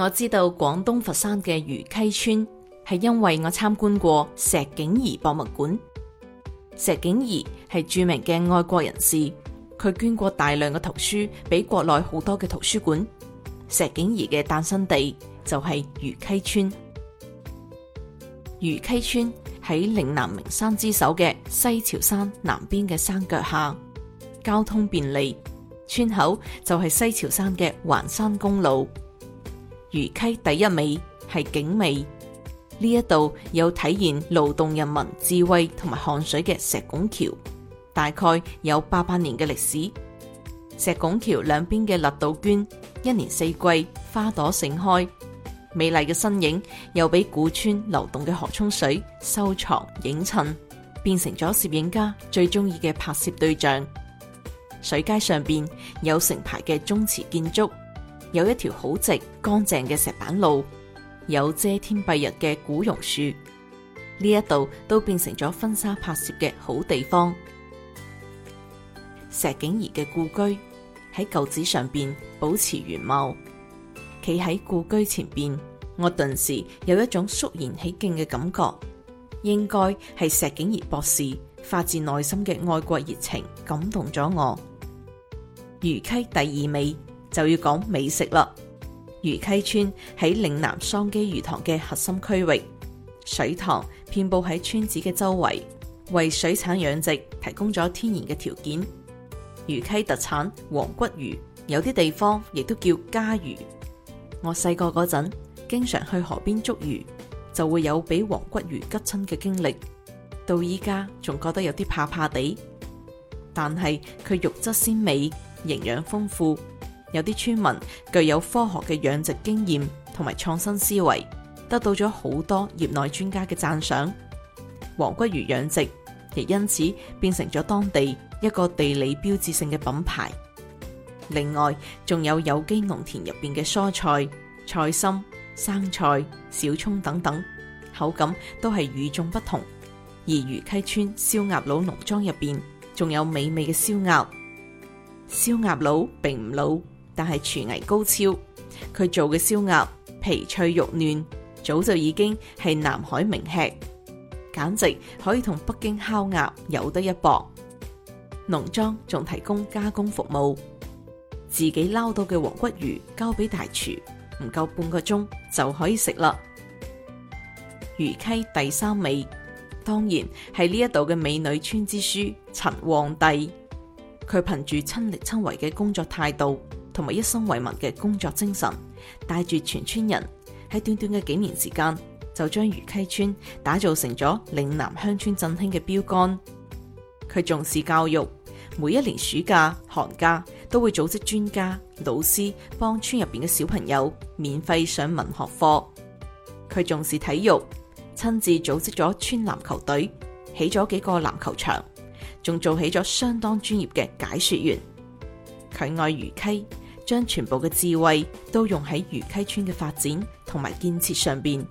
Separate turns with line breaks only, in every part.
我知道廣東佛山嘅儒溪村，係因為我參觀過石景宜博物館。石景宜係著名嘅愛國人士，佢捐過大量嘅圖書俾國內好多嘅圖書館。石景宜嘅誕生地就係儒溪村。儒溪村喺嶺南名山之首嘅西樵山南邊嘅山腳下，交通便利，村口就係西樵山嘅環山公路。儒溪第一美係景美，呢一度有體現勞動人民智慧同埋汗水嘅石拱橋，大概有八百年嘅歷史。石拱橋兩邊嘅簕杜鵑，一年四季花朵盛開，美麗嘅身影又俾古村流動嘅河涌水收藏映襯，變成咗攝影家最中意嘅拍攝對象。水街上邊有成排嘅宗祠建築。有一條好直乾淨嘅石板路，有遮天蔽日嘅古榕樹，呢一度都變成咗婚紗拍攝嘅好地方。石景宜嘅故居喺舊址上邊保持原貌，企喺故居前邊，我頓時有一種肅然起敬嘅感覺，應該係石景宜博士發自內心嘅愛國熱情感動咗我。儒溪第二美。就要講美食啦。儒溪村喺嶺南桑基魚塘嘅核心區域，水塘遍布喺村子嘅周圍，為水產養殖提供咗天然嘅條件。儒溪特產黃骨魚，有啲地方亦都叫嘎魚。我細個嗰陣經常去河邊捉魚，就會有俾黃骨魚吉親嘅經歷，到依家仲覺得有啲怕怕地。但係佢肉質鮮美，營養豐富。有啲村民具有科學嘅養殖經驗同埋創新思維，得到咗好多業內專家嘅讚賞。黃骨魚養殖亦因此變成咗當地一個地理標誌性嘅品牌。另外，仲有有機農田入邊嘅蔬菜、菜心、生菜、小蔥等等，口感都係與眾不同。而儒溪村燒鴨佬農莊入邊，仲有美味嘅燒鴨。燒鴨佬並唔老。但係廚藝高超，佢做嘅燒鴨皮脆肉嫩，早就已經係南海名吃，簡直可以同北京烤鴨有得一搏。農莊仲提供加工服務，自己撈到嘅黃骨魚交俾大廚，唔夠半個鐘就可以食啦。儒溪第三美當然係呢一度嘅美女村支書陳皇帝，佢憑住親力親為嘅工作態度。同埋一生為民嘅工作精神，帶住全村人喺短短嘅幾年時間，就將儒溪村打造成咗嶺南鄉村振興嘅標杆。佢重視教育，每一年暑假、寒假都會組織專家、老師幫村入邊嘅小朋友免費上文學課。佢重視體育，親自組織咗村籃球隊，起咗幾個籃球場，仲做起咗相當專業嘅解說員。佢愛儒溪。將全部嘅智慧都用喺儒溪村嘅發展同埋建設上邊，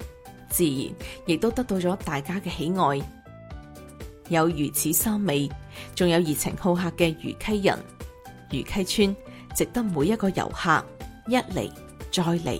自然亦都得到咗大家嘅喜愛。有如此三美，仲有熱情好客嘅儒溪人，儒溪村值得每一個遊客一嚟再嚟。